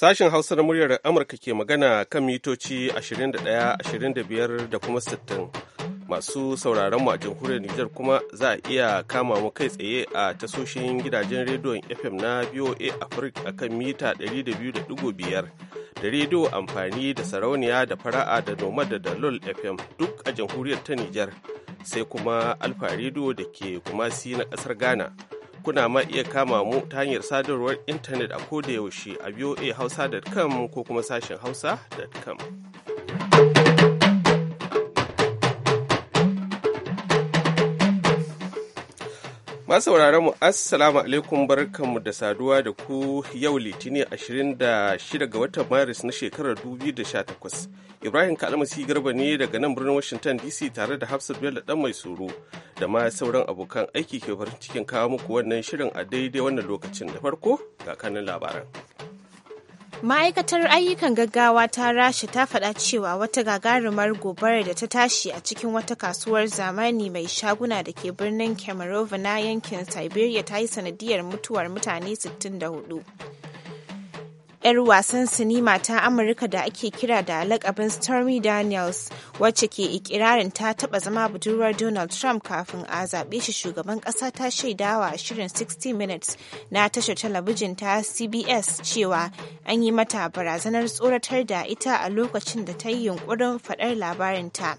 Sashen Hausa na muryar Amurka ke magana kan mitoci 21, 25 da kuma 60. Masu sauraron mu a jamhuriyar Nijar kuma za a iya kama mu kai tsaye a tasoshin gidajen rediyon FM na BOA Africa a kan mita 200.5 da rediyo amfani da sarauniya da fara'a da noma da dalol FM duk a jamhuriyar ta Nijar sai kuma Alfa rediyo da ke kumasi na ƙasar Ghana. kuna ma iya kama mu ta hanyar sadarwar intanet a kodayaushe a hausa.com ko kuma sashen hausa.com. Masu sauraron mu assalamu alaikum barkanmu da saduwa da ku yau litinin 26 ga watan maris na shekarar 2018. Ibrahim Kalmasi Garba ne daga nan birnin Washington DC tare da Hafsat Bello dan mai tsoro da ma sauran abokan aiki ke farin cikin kawo muku wannan shirin a daidai wannan lokacin da farko ga kanin labaran. ma'aikatar ayyukan gaggawa ta rasha ta faɗa cewa wata gagarumar gobarar da ta tashi a cikin wata kasuwar zamani mai shaguna da ke birnin kemerova na yankin siberia ta yi sanadiyar mutuwar mutane 64 'yar wasan sinima ta amurka da ake kira da lakabin stormy daniels wacce ke ikirarin ta taba zama budurwar donald trump kafin a zaɓe shi shugaban ƙasa ta shaidawa shirin 60 minutes na tashar talabijin ta cbs cewa an yi mata barazanar tsoratar da ita a lokacin da ta yi yunkurin faɗar labarinta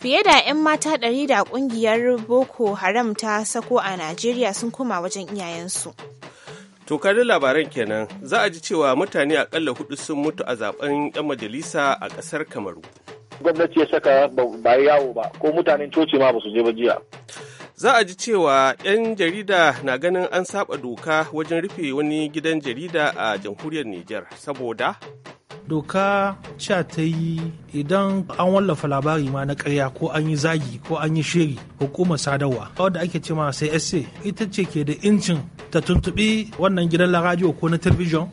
Fiye da 'yan mata ɗari da ƙungiyar Boko Haram ta sako a Najeriya sun koma wajen iyayensu. da labaran kenan za a ji cewa mutane akalla hudu sun mutu a zaben 'yan majalisa a ƙasar kamaru gwamnati ya saka ba yawo ba ko mutanen coci ma ba su je ba jiya za a ji cewa 'yan jarida na ganin an saba doka wajen rufe wani gidan jarida a jamhuriyar nijar saboda doka cha ta yi idan an wallafa labari ma na karya ko an yi zagi ko an yi shiri hukumar sadarwa wadda ake ce ma sai ita ce ke da incin ta tuntuɓi wannan gidan radio ko na talbijin.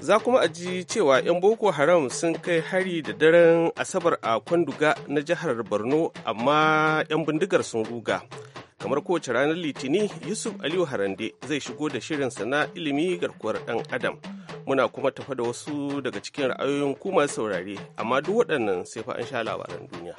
Za kuma a ji cewa 'yan Boko Haram sun kai hari da daren Asabar a Kwanduga na jihar Borno amma 'yan bindigar sun ruga. kamar kowace ranar litini yusuf aliyu harande zai shigo da shirinsa na ilimi garkuwar ɗan adam muna kuma tafa da wasu daga cikin ra'ayoyin kuma saurare amma duk waɗannan sai fa an sha labaran duniya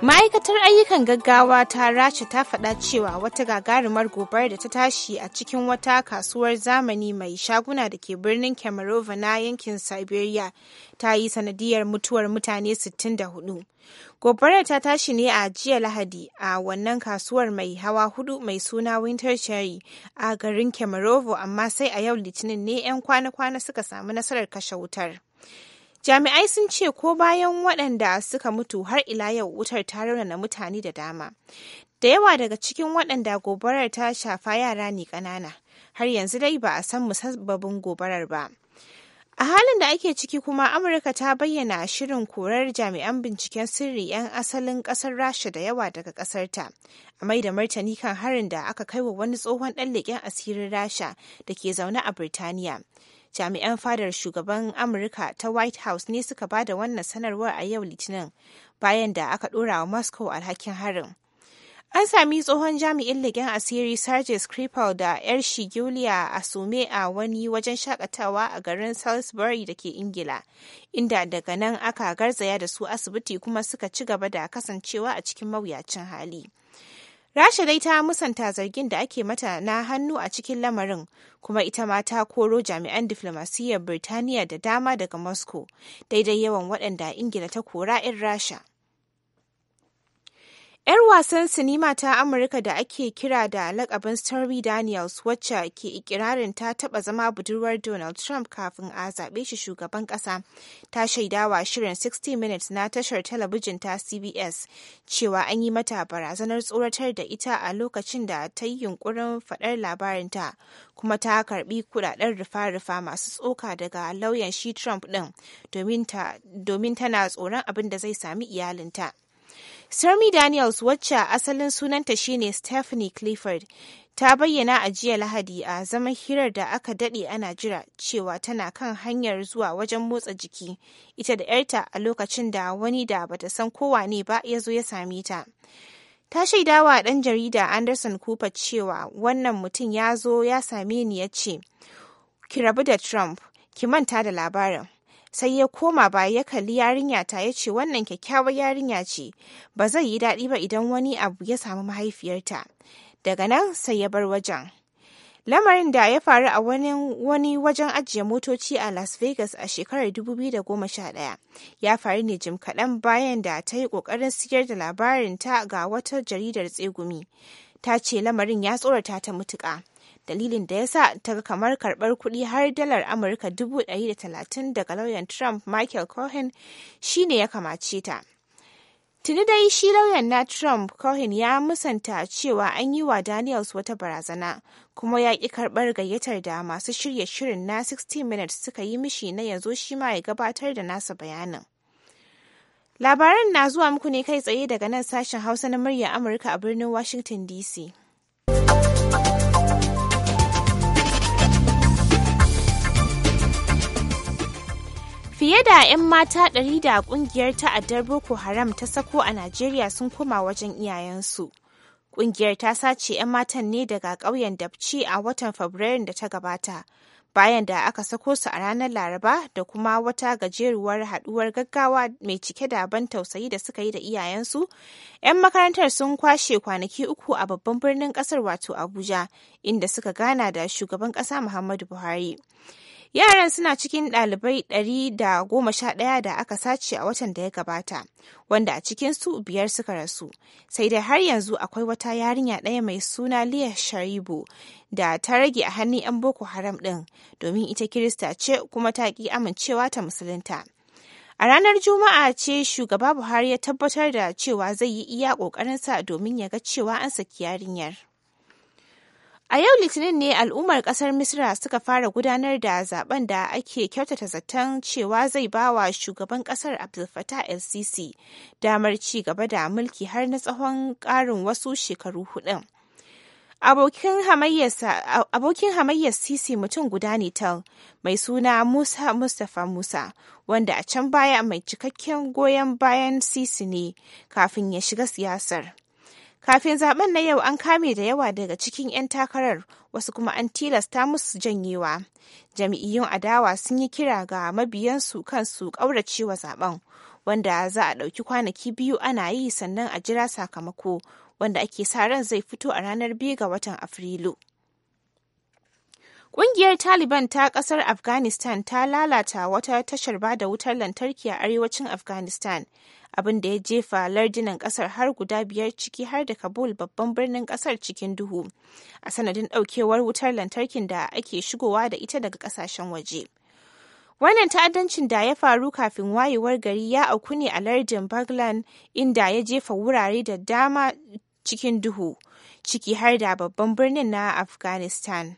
ma'aikatar ayyukan gaggawa ta rasha ta faɗa cewa wata gagarumar gobar da ta tashi a cikin wata kasuwar zamani mai shaguna da ke birnin kemerova na yankin siberia ta yi sanadiyar mutuwar mutane 64 gobarar ta tashi ne a jiya lahadi a wannan kasuwar mai hawa hudu mai suna winter cherry a garin kemerovo amma sai a yau litinin ne 'yan kwana-kwana suka samu nasarar kashe wutar Jami'ai sun ce ko bayan waɗanda suka mutu har ila yau wutar ta raunana mutane da dama. Da yawa daga cikin waɗanda gobarar ta shafa yara ne ƙanana, har yanzu dai ba a san musabbabin gobarar ba. A halin da ake ciki kuma Amurka ta bayyana shirin korar jami'an binciken sirri 'yan asalin ƙasar Rasha da yawa daga ta a mai da martani kan harin da aka kai wa wani tsohon ɗan leƙen asirin Rasha da ke zaune a Birtaniya. jami'an fadar shugaban amurka ta white house ne suka ba da wannan sanarwar a yau litinin bayan da aka ɗora wa moscow alhakin harin an sami tsohon jami'in leƙen asiri sergei skripal da 'yar shi julia sume a wani wajen shakatawa a garin salisbury da ke ingila inda daga nan aka garzaya da su asibiti kuma suka ci gaba da kasancewa a cikin mawuyacin hali Rasha dai ta musanta zargin da ake mata na hannu a cikin lamarin, kuma ita ma ta koro jami'an diflomasiyyar Birtaniya da dama daga Moscow, daidai yawan waɗanda Ingila ta kora 'yan Rasha. 'Yar wasan sinima ta Amurka da ake kira da lakabin Stormy Daniels wacce ke ikirarin ta taɓa zama budurwar Donald Trump kafin a zaɓe shi shugaban ƙasa, ta shaidawa shirin 60 Minutes na tashar talabijin ta CBS cewa an yi mata barazanar tsoratar da ita a lokacin da ta yi yunkurin faɗar labarinta, kuma ta karɓi kuɗaɗen rufa-rufa masu tsoka daga lauyan shi Trump ɗin domin tana tsoron abin da zai sami iyalinta. Stormy Daniels wacce asalin sunanta shine Stephanie Clifford ta bayyana a jiya Lahadi a zaman hirar da aka dade ana jira cewa tana kan hanyar zuwa wajen motsa jiki ita da 'yarta a lokacin da wani da bata san kowa ne ba ya zo ya same ta. Ta shaidawa ɗan jarida Anderson Cooper cewa wannan mutum ya zo ya same ni ya ce, ki rabu da Trump, ki manta da labarin. sai ya koma ba ya kalli yarinya ta ya ce wannan kyakkyawar yarinya ce ba zai yi daɗi ba idan wani abu ya samu mahaifiyarta daga nan sai ya bar wajen lamarin da ya faru a wani, wani wajen ajiye motoci a las vegas a shekarar 2011 ya faru ne jim kaɗan bayan da ta yi ƙoƙarin siyar da labarin ta ga wata jaridar tsegumi ta ce lamarin ya tsorata ta mutuƙa dalilin da ya sa ta kamar karbar kuɗi har dalar amurka talatin daga lauyan trump michael cohen shine ya kamace ta tuni dai shi lauyan na trump cohen ya musanta cewa an yi wa daniels wata barazana kuma ya ƙi karbar gayyatar da masu shirya shirin na 60 minutes suka yi mishi na yanzu shi ma ya gabatar da nasa bayanin labaran na zuwa muku ne kai tsaye daga nan sashen hausa na murya amurka a birnin washington dc Fiye da 'yan mata ɗari da ƙungiyar ta'addar Boko Haram ta sako a Najeriya sun koma wajen iyayensu. Ƙungiyar ta sace 'yan matan ne daga ƙauyen Dabci a watan Fabrairun da ta gabata, bayan da aka sako su a ranar Laraba da kuma wata gajeruwar haɗuwar gaggawa mai cike da ban tausayi da suka yi da iyayensu. 'Yan makarantar sun kwashe kwanaki uku a babban birnin ƙasar wato Abuja, inda suka gana da shugaban ƙasa Muhammadu Buhari. Yaran suna cikin ɗalibai 111 da goma sha da aka sace a watan da ya gabata, wanda a cikin su biyar suka rasu. Sai dai har yanzu akwai wata yarinya ɗaya mai suna Liya Sharibu da ta rage a hannun 'yan Boko Haram ɗin, domin ita Kirista ce kuma ta ƙi amincewa ta musulunta. A ranar Juma'a ce shugaba Buhari ya tabbatar da cewa zai yi iya ƙoƙarinsa domin ya ga cewa an saki yarinyar. A yau Litinin ne al'ummar kasar misira suka fara gudanar da zaben da ake kyautata zaton cewa zai bawa shugaban kasar Abdul Fattah el-Sisi damar ci gaba da mulki har na tsawon ƙarin wasu shekaru hudun. Abokin hamayyar Sisi mutum guda ne tal mai suna Musa Mustapha Musa wanda a can baya mai cikakken goyon bayan Sisi ne kafin ya shiga siyasar. Kafin zaben na yau an kame da yawa daga cikin 'yan takarar wasu kuma an tilasta musu janyewa. Jami'iyyun adawa sun yi kira ga mabiyansu kansu ƙauracewa zaben wanda za a ɗauki kwanaki biyu ana yi sannan a jira sakamako wanda ake sa ran zai fito a ranar biyu ga watan Afrilu. Ƙungiyar Taliban ta ƙasar Afghanistan ta lalata wata tashar bada wutar lantarki a arewacin Afghanistan abin da ya jefa lardunan kasar har guda biyar ciki har da kabul babban birnin kasar cikin duhu a sanadin daukewar wutar lantarkin da ake shigowa da ita daga kasashen waje wannan ta'addancin da ya faru kafin wayewar gari ya auku ne a lardin baglan inda ya jefa wurare da dama cikin duhu ciki har da babban birnin na afghanistan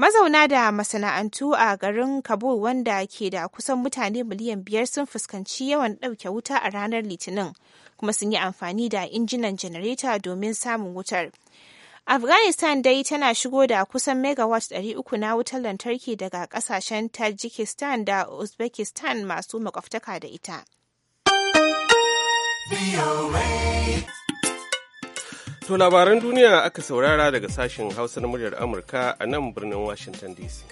Mazauna da masana'antu a garin Kabul wanda ke da kusan mutane miliyan biyar sun fuskanci yawan ɗauke wuta a ranar Litinin, kuma sun yi amfani da injinan janareta domin samun wutar. Afghanistan dai tana shigo da kusan megawatt 300 na wutar lantarki daga ƙasashen Tajikistan da Uzbekistan masu makwabtaka da ita. To labaran duniya aka saurara daga sashen Hausa na muryar Amurka a nan birnin Washington DC.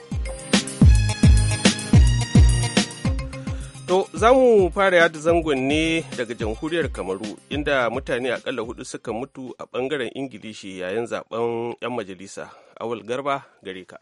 To za mu fara yada zangon ne daga jamhuriyar Kamaru inda mutane akalla hudu suka mutu a bangaren Ingilishi yayin zaben 'yan majalisa. Awul Garba gare ka.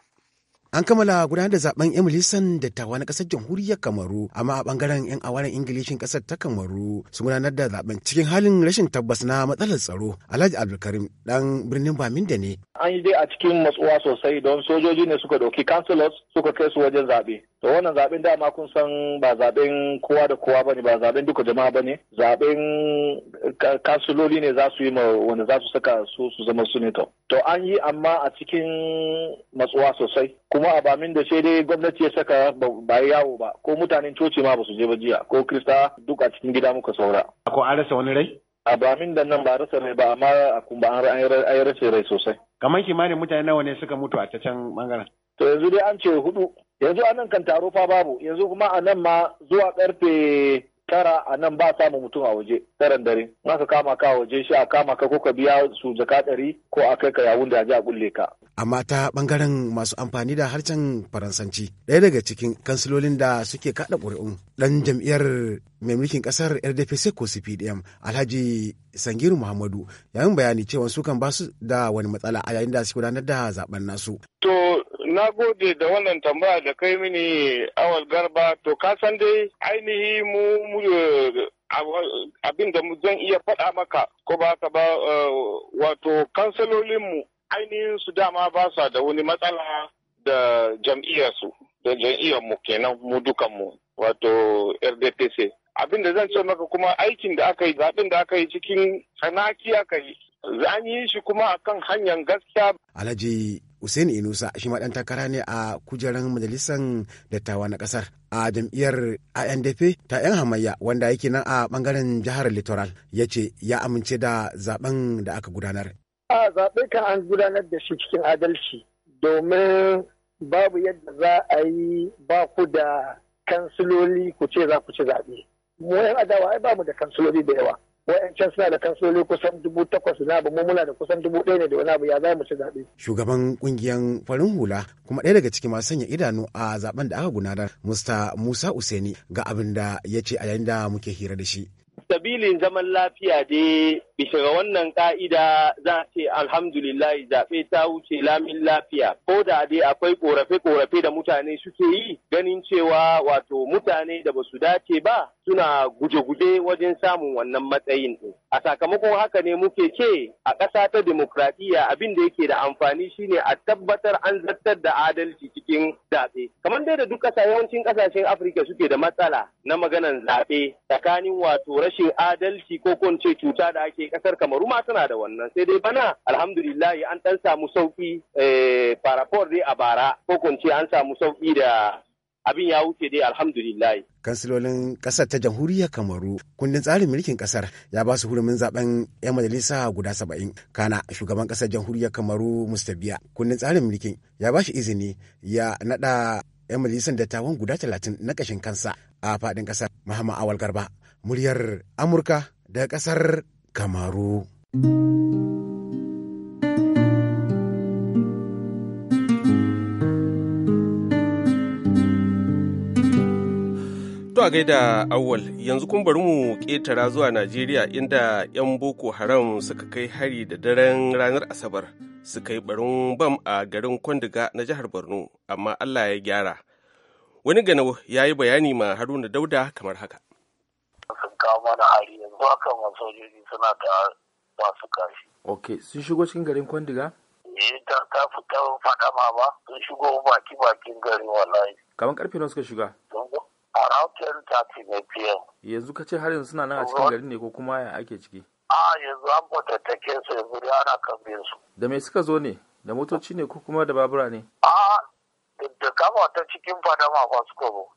An kammala gudanar da zaben Emilison tawa na kasar jamhuriyar Kamaru, amma a bangaren 'yan awaren Ingilishin kasar ta Kamaru sun gudanar da zaben cikin halin rashin tabbas na matsalar tsaro. Alhaji Abdulkarim dan birnin da ne. An yi dai a cikin matsuwa sosai don sojoji ne suka dauki councilors suka kai su wajen zaɓe. To wannan zaɓen dama kun san ba zaɓen kowa da kowa bane ba zaɓen duka jama'a bane zaɓen kansiloli ne za su yi ma wanda za su saka su su zama sunito. To an yi amma a cikin matsuwa sosai. kuma abamin da sai dai gwamnati ya saka ba yawo ba ko mutanen coci ma ba su je ba jiya ko krista duk a cikin gida muka saura. Ko an rasa wani rai? Abamin da nan ba a rasa rai ba amma a kuma an yi rai sosai. Kamar kimanin mutane nawa ne suka mutu a ta can bangaren? To yanzu dai an ce hudu. Yanzu a nan kan taro fa babu yanzu kuma a nan ma zuwa karfe tara a nan ba samun mutum a waje taran dare Na ka kama ka a waje shi a kama ka ko ka biya su jaka ɗari ko a kai ka yawun da a kulle ka amma ta bangaren masu amfani da harshen faransanci ɗaya daga cikin kansilolin da suke kada ƙuri'un ɗan jam'iyyar mai mulkin ƙasar rdpc ko cpdm alhaji sangiru muhammadu yayin bayani cewa su kan basu da wani matsala a yayin da su gudanar da zaben nasu to na gode da wannan tambaya da kai mini awal garba to ka san dai ainihi mu abin da zan iya faɗa maka ko ba ka ba eh, wato kansilolinmu ainihin su dama ba sa da wani matsala da jam'iyyarsu da jam'iyyarmu kenan mu dukanmu wato rdpc abin da zan ce maka kuma aikin da aka yi zaɓin da aka yi cikin tsanaki aka yi an yi shi kuma akan hanyar gaskiya alhaji Hussein Inusa shi ma dan takara ne a kujerar majalisar dattawa na ƙasar a jam'iyyar INDP ta 'yan hamayya wanda yake nan a ɓangaren jihar Littoral ya ce ya amince da zaben da aka gudanar A zaɓe kan an gudanar da shi cikin adalci domin babu yadda za a yi ba ku da kansiloli ku ce za ku ci zaɓe. Mu yan adawa ai mu da kansiloli da yawa. can suna da kansiloli kusan dubu takwas na abu mu muna da kusan dubu ɗaya ne da wani abu ya za mu ci zaɓe. Shugaban ƙungiyar farin hula kuma ɗaya daga cikin masu sanya idanu a zaɓen da aka gudanar musta Musa Useni ga abin da ya ce a yayin da muke hira da shi. sabilin zaman lafiya dai bisa ga wannan ka'ida za a ce alhamdulillahi zaɓe ta wuce lamin lafiya ko da dai akwai korafe-korafe da mutane suke yi ganin cewa wato mutane da ba su dace ba suna guje-guje wajen samun wannan matsayin din. A sakamakon haka ne muke ce a ƙasa ta demokradiyya abin da yake da amfani shine a tabbatar an zartar da adalci cikin zaɓe. Kamar dai da duk ƙasa yawancin ƙasashen Afirka suke da matsala na maganan zaɓe tsakanin wato rashin adalci ko ko cuta da ake ƙasar Kamaru ma tana da wannan. Sai dai bana alhamdulillahi an ɗan samu sauƙi eh, dai a bara ko ko an samu sauƙi da abin ya wuce dai alhamdulillah. Kansilolin ƙasar ta jamhuriyar Kamaru kundin tsarin mulkin ƙasar ya ba su hurumin zaben 'yan majalisa guda saba'in. Kana shugaban ƙasar jamhuriyar Kamaru Mustabiya kundin tsarin mulkin ya ba shi izini ya naɗa 'yan majalisar dattawan guda talatin na ƙashin kansa a faɗin ƙasar Muhammad Awal Garba. Muryar Amurka da ƙasar Kamaru. a gaida awwal yanzu kun bari mu ƙetara zuwa Najeriya inda 'yan Boko Haram suka kai hari da daren ranar Asabar suka yi barin bam a garin Kwandiga na jihar Borno amma Allah ya gyara. Wani gano ya yi bayani ma Haruna Dauda kamar haka. Sun kawo mana hari yanzu haka masu sojoji suna da masu kashi. Ok, sun shigo cikin garin Kwandiga? Eh, ta fita faɗa ma ba, sun shigo baki bakin gari wallahi. Kamar karfe nawa suka shiga? around 10:30 ne pm yanzu ka ce har yanzu suna nan a cikin garin ne ko kuma ya ake ciki a yanzu an kwatattake su yanzu da ana kan bin su da me suka zo ne da motoci ne ko kuma da babura ne a da kama ta cikin fadama ba suka zo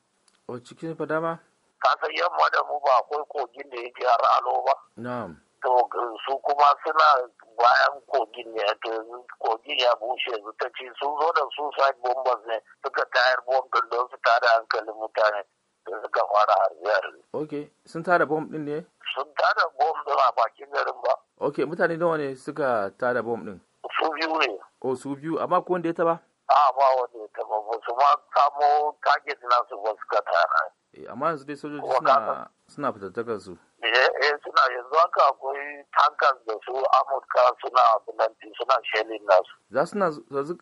o cikin fadama ka san yamma da mu ba akwai kogin da yake har alo ba na'am to su kuma suna bayan kogin ne to yanzu kogin ya bushe yanzu ta ci sun zo da su sai bombas ne suka tayar bombin don su tada hankalin mutane suka fara harbiyar. Ok, sun tada bom din ne? Sun tada bom din a bakin garin ba. Ok, mutane nawa ne suka tada bom din? Su biyu ne. O su biyu, amma ko wanda ya taba? A ba wanda ya taba, ba su ma samu target su ba suka tara. Eh, amma yanzu dai sojoji suna suna fitattakar su. Eh, eh suna yanzu haka akwai tankas da su amurka suna abinanti suna shelin nasu. Za suna yanzu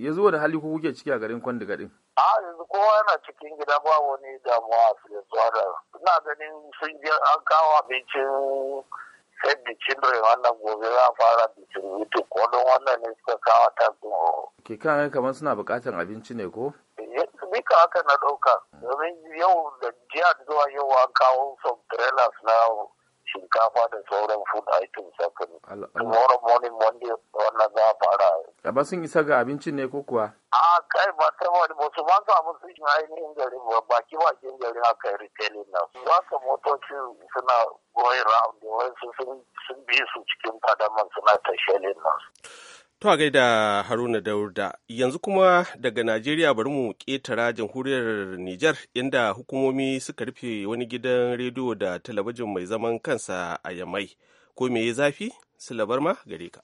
ya zo da hali ko kuke ciki a garin kwandiga din a yanzu kowa yana cikin gida ba wani damuwa zuwa da ina ganin sun je an kawo abincin Fed Children wannan gobe za a fara mutu ko don wannan ne suka kawo ta o. Ke kan kamar suna bukatar abinci ne ko? Bika eh, haka na ɗauka domin yau da jiya zuwa yau an kawo some trailers na shinkafa da sauran food items haka ne tomorrow morning monday wannan za a fara gaba sun isa ga abincin ne ko kuwa a kai ba ta wani ba su ba su abin sun ainihin gari ba baki bakin gari haka retailing na su ba ka motoci suna going round da wasu sun bi su cikin fadaman suna tashelin nasu To a gaida Haruna Dauda, yanzu kuma daga Najeriya bari mu ƙetara jamhuriyar Nijar inda hukumomi suka rufe wani gidan rediyo da talabijin mai zaman kansa a Yamai. Ko me ya zafi? Silabar ma gare ka.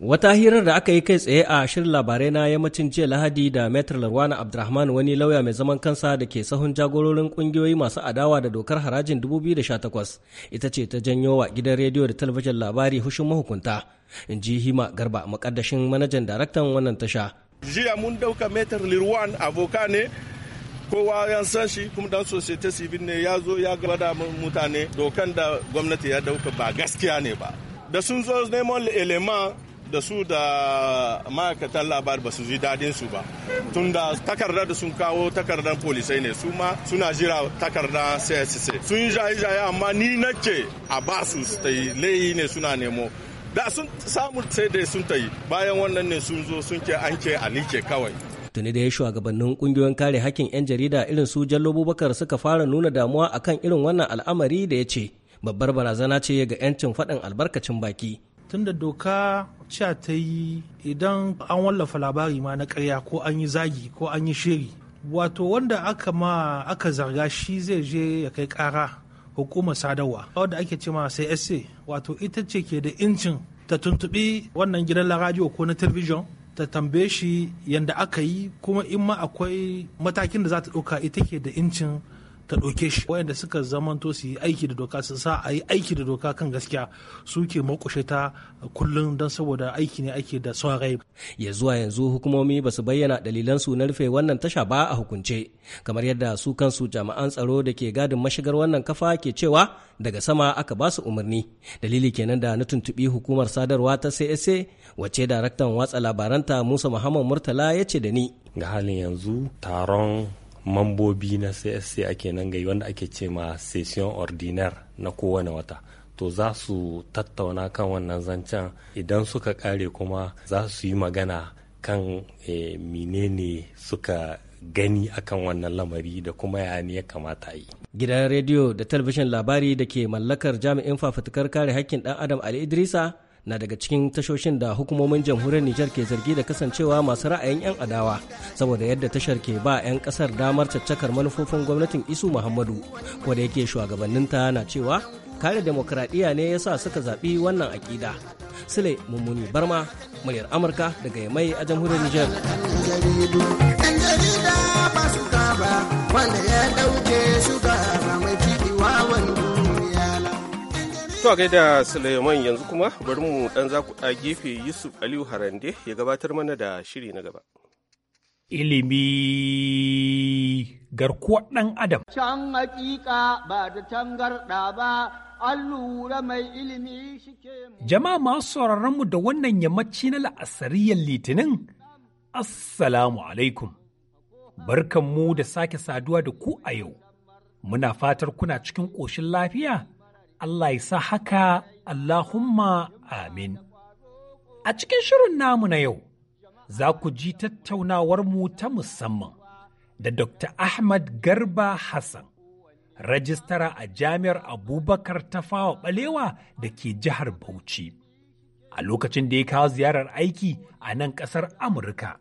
Wata hirar da aka yi kai tsaye a shirin labarai na yammacin jiya Lahadi da Metro Larwana Abdurrahman wani lauya mai zaman kansa da ke sahun jagororin kungiyoyi masu adawa da dokar harajin 2018 ita ce ta janyo wa gidan rediyo da talabijin labari hushin mahukunta. In ji Hima Garba makaddashin manajan daraktan wannan tasha. Jiya mun dauka Metro Lirwan aboka ne kowa ya san shi kuma dan societe civil ne ya zo ya gaba da mutane dokan da gwamnati ya dauka ba gaskiya ne ba. Da sun zo neman eleman da su da ma'aikatan labar ba su ji dadin su ba tunda takarda da sun kawo takardar polisai ne su ma suna jira takarda csc sun yi jaye-jaye amma ni nake a ba su ta yi ne suna nemo da sun samu sai dai sun ta yi bayan wannan ne sun zo sun ke an ke a nike kawai tuni da ya shugabannin kungiyoyin kare hakkin 'yan jarida irin su jallo bubakar suka fara nuna damuwa akan irin wannan al'amari da ya ce babbar barazana ce ga 'yancin faɗin albarkacin baki tunda doka cewa ta yi idan an wallafa labari ma na karya ko an yi zagi ko an yi shiri wato wanda aka ma aka zarga shi zai je ya kai kara hukumar sadarwa wadda ake cewa sai sa wato ita ce ke da incin ta tuntubi wannan gidan radio ko na talabijin ta tambaye shi yadda aka yi kuma in ma akwai matakin da za ta ɗauka ita ke da incin ta ɗauke shi wayanda suka zamanto su yi aiki da doka su sa a yi aiki da doka kan gaskiya suke makushe ta kullum don saboda aiki ne ake da son rai ya zuwa yanzu hukumomi ba su bayyana dalilan su na rufe wannan tasha ba a hukunce kamar yadda su kansu jami'an tsaro da ke gadin mashigar wannan kafa ke cewa daga sama aka ba su umarni dalili kenan da na tuntuɓi hukumar sadarwa ta csa wacce daraktan watsa labaranta musa muhammad murtala ya ce da ni ga halin yanzu taron mambobi na ake kenan gai wanda ake ce ma session ordinaire na kowane wata to za su tattauna kan wannan zancen idan suka kare kuma za su yi magana kan e, menene suka gani akan wannan lamari da kuma ya ne ya kamata yi. Gidan rediyo da talabijin labari da ke mallakar jami'in fafutukar kare hakkin ɗan Adam Ali Idrisa na daga cikin tashoshin da hukumomin jamhuriyar Nijar ke zargi da kasancewa masu ra'ayin 'yan adawa saboda yadda tashar ke ba 'yan kasar damar caccakar manufofin gwamnatin Isu Muhammadu ko da yake ta na cewa kare demokradiyya ne yasa suka zaɓi wannan aƙida. Sule Mummuni Barma, muryar Amurka daga Yamai a jamhuriyar Nijar. wanda ya ɗauke shugaba mai To gaida Suleiman yanzu kuma bari mu dan zaku a gefe Yusuf Aliyu Harande ya gabatar mana da shiri na gaba. Ilimi garkuwar ɗan Adam. Can hakika ba da tangarɗa ba, an mai ilimi shi ke Jama'a masu mu da wannan yammaci na la'asariyar litinin, Assalamu alaikum. Barkan mu da sake saduwa da ku a yau. Muna fatar kuna cikin ƙoshin lafiya. Allah ya sa haka Allahumma amin. A cikin shirin namu na yau, za ku ji tattaunawarmu ta musamman da Dr. Ahmad Garba Hassan, rajistara a Jami'ar Abubakar ta fawa balewa da ke jihar Bauchi. A lokacin da ya kawo ziyarar aiki a nan ƙasar Amurka,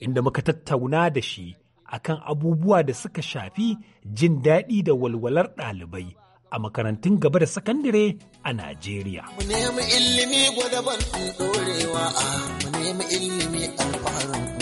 inda muka tattauna da shi akan abubuwa da suka shafi jin daɗi da walwalar ɗalibai. a makarantun gaba da sakandare a Najeriya. Mu nemi ilimi gwadaban ɗorewa, mu nemi ilimi alfaharin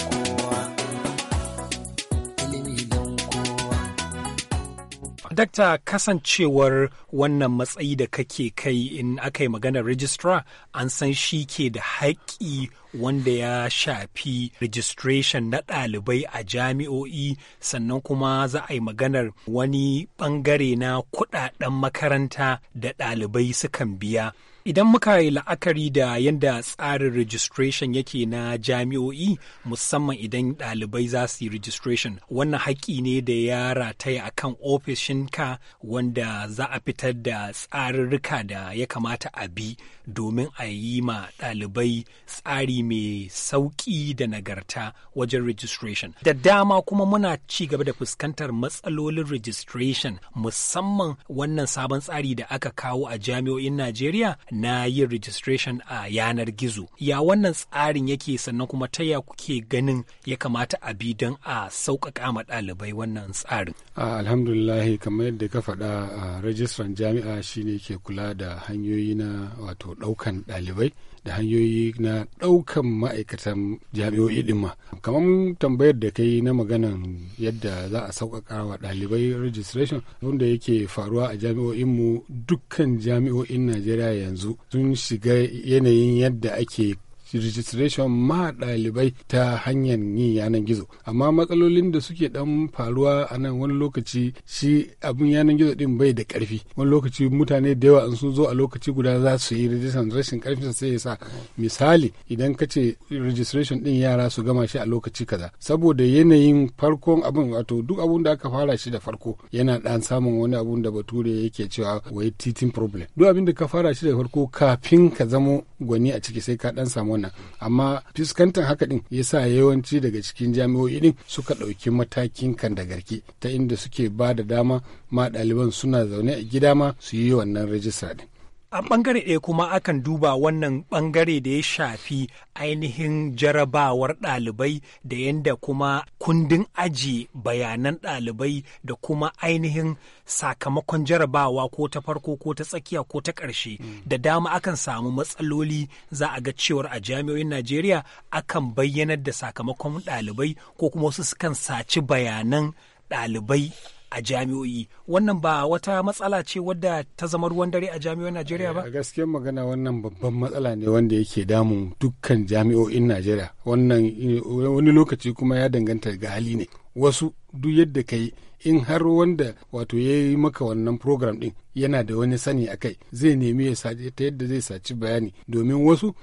dakta kasancewar wannan matsayi da kake kai in aka yi maganar registrar an san shi ke da haƙƙi wanda ya shafi registration na ɗalibai a jami'o'i sannan kuma za a yi maganar wani ɓangare na kuɗaɗen makaranta da ɗalibai sukan biya idan muka yi la'akari da yadda tsarin registration yake na jami'o'i musamman idan ɗalibai za su yi registration wannan haƙƙi ne da ya rataya a kan ofishinka wanda za a fitar da tsarurruka da ya kamata a bi domin a yi ma ɗalibai tsari mai sauƙi da nagarta wajen registration da dama kuma muna ci gaba da fuskantar matsalolin registration musamman wannan sabon tsari da aka kawo a jami'o'in najeriya na yin registration a yanar gizo ya wannan tsarin yake sannan kuma ta ya kuke ganin ya kamata a bi don a sauƙaƙa ma ɗalibai wannan tsarin alhamdulillah kamar yadda ka faɗa a registrar jami'a shine ke kula da hanyoyi na wato ɗaukan ɗalibai da hanyoyi na ɗaukan ma'aikatan jami'o'i ɗin ma kamar tambayar da kai na maganan yadda za a sauƙaƙa wa ɗalibai registration wanda yake faruwa a jami'o'in mu dukkan jami'o'in najeriya yanzu sun shiga yanayin yadda ake registration ma ɗalibai ta hanyar yin yanar gizo amma matsalolin da suke dan faruwa a nan wani lokaci shi abin yanar gizo din bai da karfi wani lokaci mutane da yawa in sun zo a lokaci guda za su yi registration rashin karfin sai ya sa misali idan ka ce registration din yara su gama shi a lokaci kaza saboda yanayin farkon abin wato duk abun da aka fara shi da farko yana dan samun wani abun da bature yake cewa wai titin problem duk abin da ka fara shi da farko kafin ka zamo gwani a ciki sai ka dan samu wannan amma fuskantar haka din yasa yawanci daga cikin jami'o'i din suka ɗauki matakin kan da garke ta inda suke ba da dama ma ɗaliban suna zaune a gida ma su yi wannan rajista din a bangare ɗaya kuma akan duba wannan bangare da ya shafi ainihin jarabawar ɗalibai da yadda kuma kundin aji bayanan ɗalibai da kuma ainihin sakamakon jarabawa ko ta farko ko ta tsakiya ko ta ƙarshe da dama akan samu matsaloli za a ga cewar a jami'o'in najeriya akan bayyanar da sakamakon ɗalibai ko kuma wasu sukan saci bayanan ɗalibai a jami'o'i wannan ba wata matsala ce wadda ta zama ruwan dare a jami'o'in Najeriya ba? A gaskiyar magana wannan babban matsala ne wanda yake damun dukkan jami'o'in Najeriya wannan wani lokaci kuma ya danganta ga hali ne wasu duk yadda ka yi in har wanda wato ya yi maka wannan program din yana da wani sani a kai zai nemi ya sace ta yadda zai saci bayani domin wasu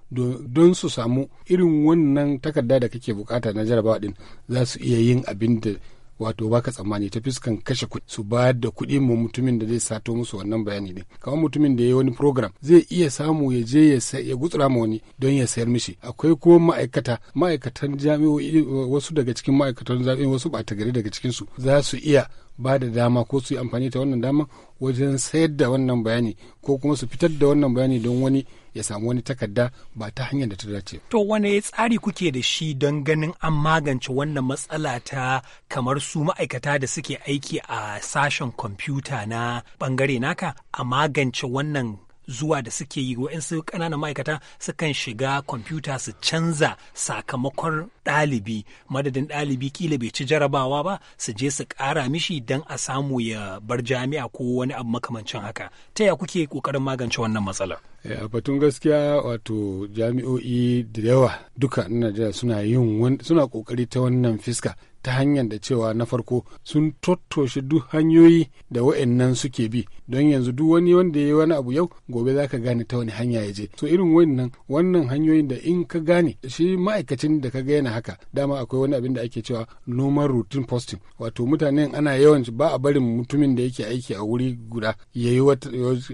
don su samu irin wannan takarda da kake bukata na jarabawa din za su iya yin abin da wato baka tsammani ta fuskan kashe kuɗi su bayar da kuɗi mu mutumin da zai sato musu wannan bayani din kamar mutumin da ya wani program zai iya samu ya je ya gutsura ma wani don ya sayar mishi akwai kuma ma'aikata ma'aikatan jami'o'i wasu daga cikin ma'aikatan jami'o'i wasu ɓata gari daga cikin su za su iya ba da dama ko su yi amfani ta wannan dama wajen sayar da wannan bayani ko kuma su fitar da wannan bayani don wani ya samu wani takarda ba ta hanyar da ta dace. To wane tsari kuke da shi don ganin an magance wannan matsala ta kamar su ma'aikata da suke aiki a sashen kwamfuta na bangare naka a magance wannan zuwa da suke yi wa'insu ƙananan ma'aikata sukan shiga kwamfuta su canza sakamakon ɗalibi madadin ɗalibi kila bai ci jarabawa ba su je su ƙara mishi don a samu ya bar jami'a ko wani abu makamancin haka ta ya kuke ƙoƙarin magance wannan matsalar eh, a batun gaskiya wato jami'o'i da yawa duka na najeriya suna yin suna ƙoƙari ta wannan fiska ta hanyar da cewa na farko sun tottoshe duk hanyoyi da wa'annan suke bi don yanzu duk wani wanda ya yi wani abu yau gobe za ka gane ta wani hanya ya je so irin wannan wannan hanyoyin da in ka gane shi ma'aikacin da ka ga yana haka dama akwai wani abin da ake cewa normal routine posting wato mutanen ana yawan ba a barin mutumin da yake aiki a wuri guda ya yi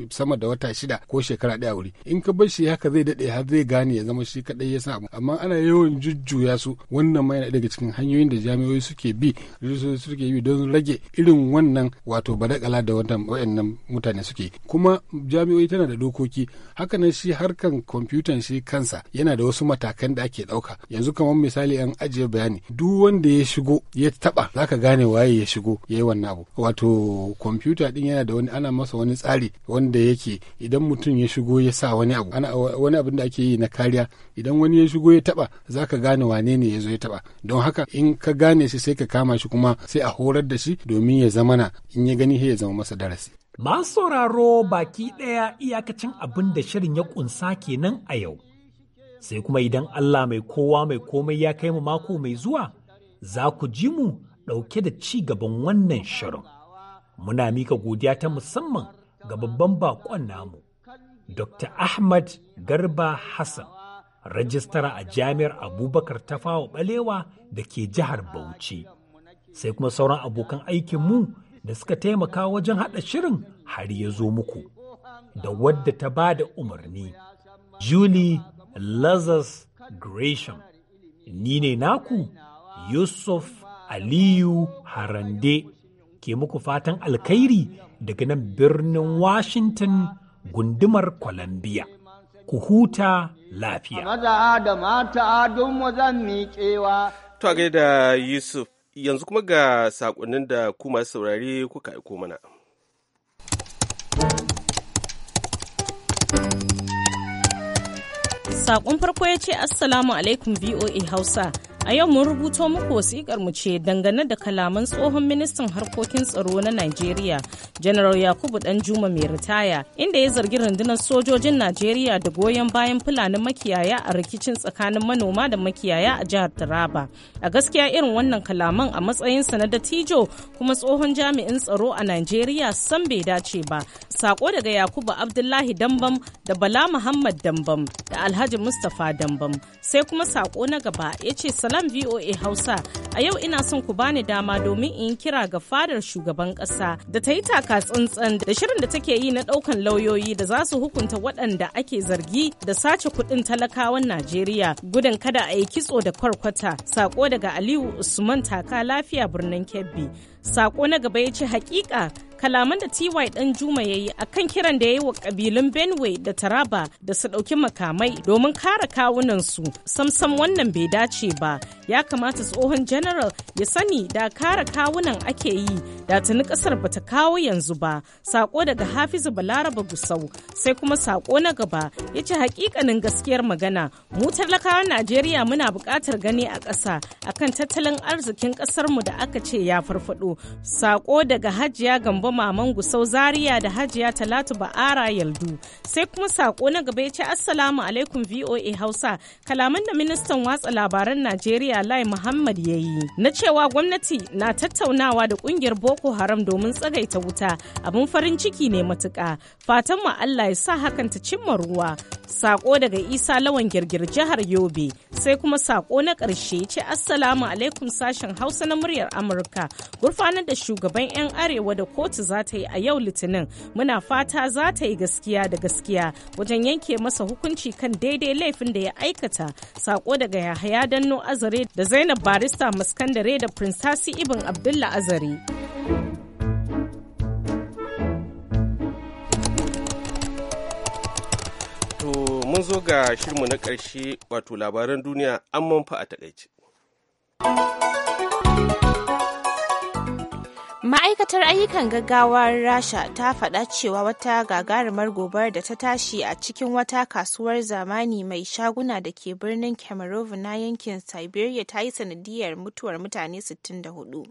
sama da wata shida ko shekara ɗaya wuri in ka bar shi haka zai daɗe har zai gane ya zama shi kaɗai ya samu amma ana yawan jujjuya su wannan ma yana daga cikin hanyoyin da jami'o'i suke bi rijiyoyi suke bi don rage irin wannan wato badakala da wannan mutane suke kuma jami'o'i tana da dokoki haka nan shi harkan kwamfutan shi kansa yana da wasu matakan da ake dauka yanzu kamar misali an ajiye bayani duk wanda ya shigo ya taba zaka gane waye ya shigo yi wannan abu wato kwamfuta din yana da wani ana masa wani tsari wanda yake idan mutum ya shigo ya sa wani abu wani abin da ake yi na kariya idan wani ya shigo ya taba zaka gane wane ne ya zo ya taba don haka in ka gane shi sai ka kama shi kuma sai a horar da shi domin ya zamana in ya gani ya zama masa darasi. Masu sauraro baki ɗaya iyakacin abin da shirin ya ƙunsa kenan a yau. Sai kuma idan Allah mai kowa mai komai ya kai mu mako mai zuwa, za ku ji mu ɗauke da ci gaban wannan shirin. Muna mika godiya ta musamman ga babban baƙon namu, Dr. Ahmad Garba Hassan. rajistara a jami'ar abubakar ta fawa balewa da ke jihar bauchi sai kuma sauran abokan aikin mu da suka taimaka wajen haɗa shirin har ya zo muku da wadda ta ba da umarni julie lazarus gresham ni ne naku yusuf aliyu harande ke muku fatan alkhairi daga nan birnin washington gundumar columbia ku huta lafiya. Maza da mata miƙewa. To a da Yusuf, yanzu kuma ga saƙonnin da ku masu saurare kuka aiko mana. Saƙon farko ya ce Assalamu alaikum VOA Hausa. A yau mun rubuto muku wasiƙar mu ce dangane da kalaman tsohon ministan harkokin tsaro na Najeriya, General Yakubu juma mai ritaya, inda ya zargi rundunar sojojin Najeriya da goyon bayan Fulani makiyaya a rikicin tsakanin manoma da makiyaya a jihar Taraba. A gaskiya irin wannan kalaman a matsayin sa na dattijo kuma tsohon jami'in tsaro a Najeriya san bai dace ba. Sako daga Yakubu Abdullahi Dambam da Bala Muhammad Dambam da Alhaji Mustapha Dambam. Sai kuma sako na gaba ya ce salam VOA Hausa. A yau ina son ku bani dama domin in kira ga fadar shugaban ƙasa da ta yi taka tsantsan da shirin da take yi na ɗaukan lauyoyi da za su hukunta waɗanda ake zargi da sace kuɗin talakawan Najeriya gudun kada a yi kitso da kwarkwata. Sako daga Aliyu Usman Taka lafiya birnin Kebbi. Sako na gaba ya ce hakika kalaman da ty dan juma ya yi akan kiran da ya yi wa kabilun benue da taraba da su ɗauki makamai domin kare kawunansu samsam wannan bai dace ba ya kamata tsohon general ya sani da kare kawunan ake yi da tuni ƙasar bata kawo yanzu ba saƙo daga hafizu balaraba gusau sai kuma saƙo na gaba ya ce hakikanin gaskiyar magana mu talakawan najeriya muna buƙatar gani a ƙasa akan tattalin arzikin ƙasarmu da aka ce ya farfado saƙo daga hajiya gambo baba maman gusau zaria da hajiya talatu ba'ara yaldu sai kuma sako na gaba ya ce assalamu alaikum voa hausa kalaman da ministan watsa labaran najeriya lai muhammad ya yi na cewa gwamnati na tattaunawa da ƙungiyar boko haram domin tsagaita wuta abin farin ciki ne matuka fatan mu allah ya sa hakan ta cimma ruwa sako daga isa lawan girgir jihar yobe sai kuma sako na ƙarshe ce assalamu alaikum sashen hausa na muryar amurka gurfanar da shugaban 'yan arewa da kotu kotu za ta yi a yau litinin muna fata za ta yi gaskiya da gaskiya wajen yanke masa hukunci kan daidai laifin da ya aikata sako daga yahaya danno azare da zainab barista maskandare da prince tasi ibn abdullah azare To mun zo ga shirmu na ƙarshe wato labaran duniya an manfa a taƙaice. ma'aikatar ayyukan gaggawar rasha ta faɗa cewa wata gagarumar gobar da ta tashi a cikin wata kasuwar zamani mai shaguna da ke birnin kemerov na yankin siberia ta yi sanadiyar mutuwar mutane 64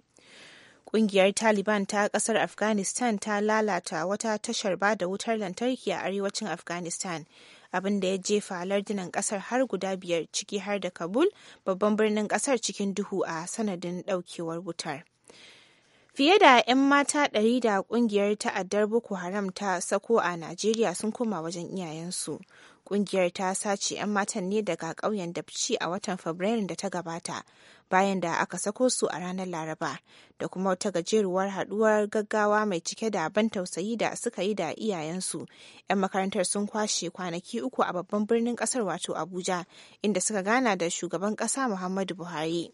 Ƙungiyar Taliban ta ƙasar Afghanistan ta lalata wata tashar ba da wutar lantarki a arewacin Afghanistan, abinda da ya jefa lardunan ƙasar har guda biyar ciki har da Kabul, babban birnin ƙasar cikin duhu a sanadin ɗaukewar wutar. Fiye da 'yan mata ɗari da ƙungiyar ta'addar Boko Haram ta sako a Najeriya sun koma wajen iyayensu. Ƙungiyar ta sace 'yan matan ne daga ƙauyen Dabci a watan Fabrairun da ta gabata, bayan da aka sako su a ranar Laraba, da kuma wata gajeruwar haduwar gaggawa mai cike da ban tausayi da suka yi da iyayensu. 'Yan makarantar sun kwashe kwanaki uku a babban birnin ƙasar wato Abuja, inda suka gana da shugaban ƙasa Muhammadu Buhari.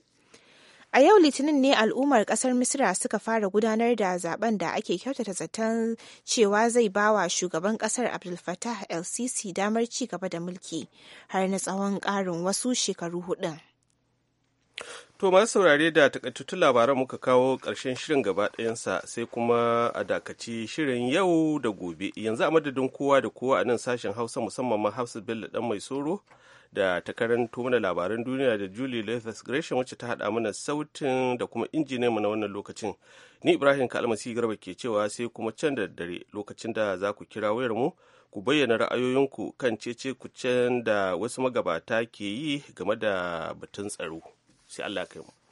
A yau Litinin ne al'ummar kasar Misira suka fara gudanar da zaben da ake kyautata zaton cewa zai bawa shugaban kasar Abdul Fattah lcc damar ci gaba da mulki har na tsawon karin wasu shekaru hudun. To masu saurare da takaitattun labaran muka kawo ƙarshen shirin gaba ɗayansa sai kuma a dakaci shirin yau da gobe. Yanzu a madadin kowa da kowa a nan sashen Hausa musamman ma Hafsat Bello dan mai soro. da ta karanto mana labaran duniya da Julie Lathas Gresham wacce ta haɗa mana sautin da kuma injiniyan mu na wannan lokacin. Ni Ibrahim Kalmasi Garba ke cewa sai kuma can da dare lokacin da za ku kira wayar mu ku bayyana ra'ayoyinku kan cece ku can da wasu magabata ke yi game da batun tsaro. Sai Allah kai mu.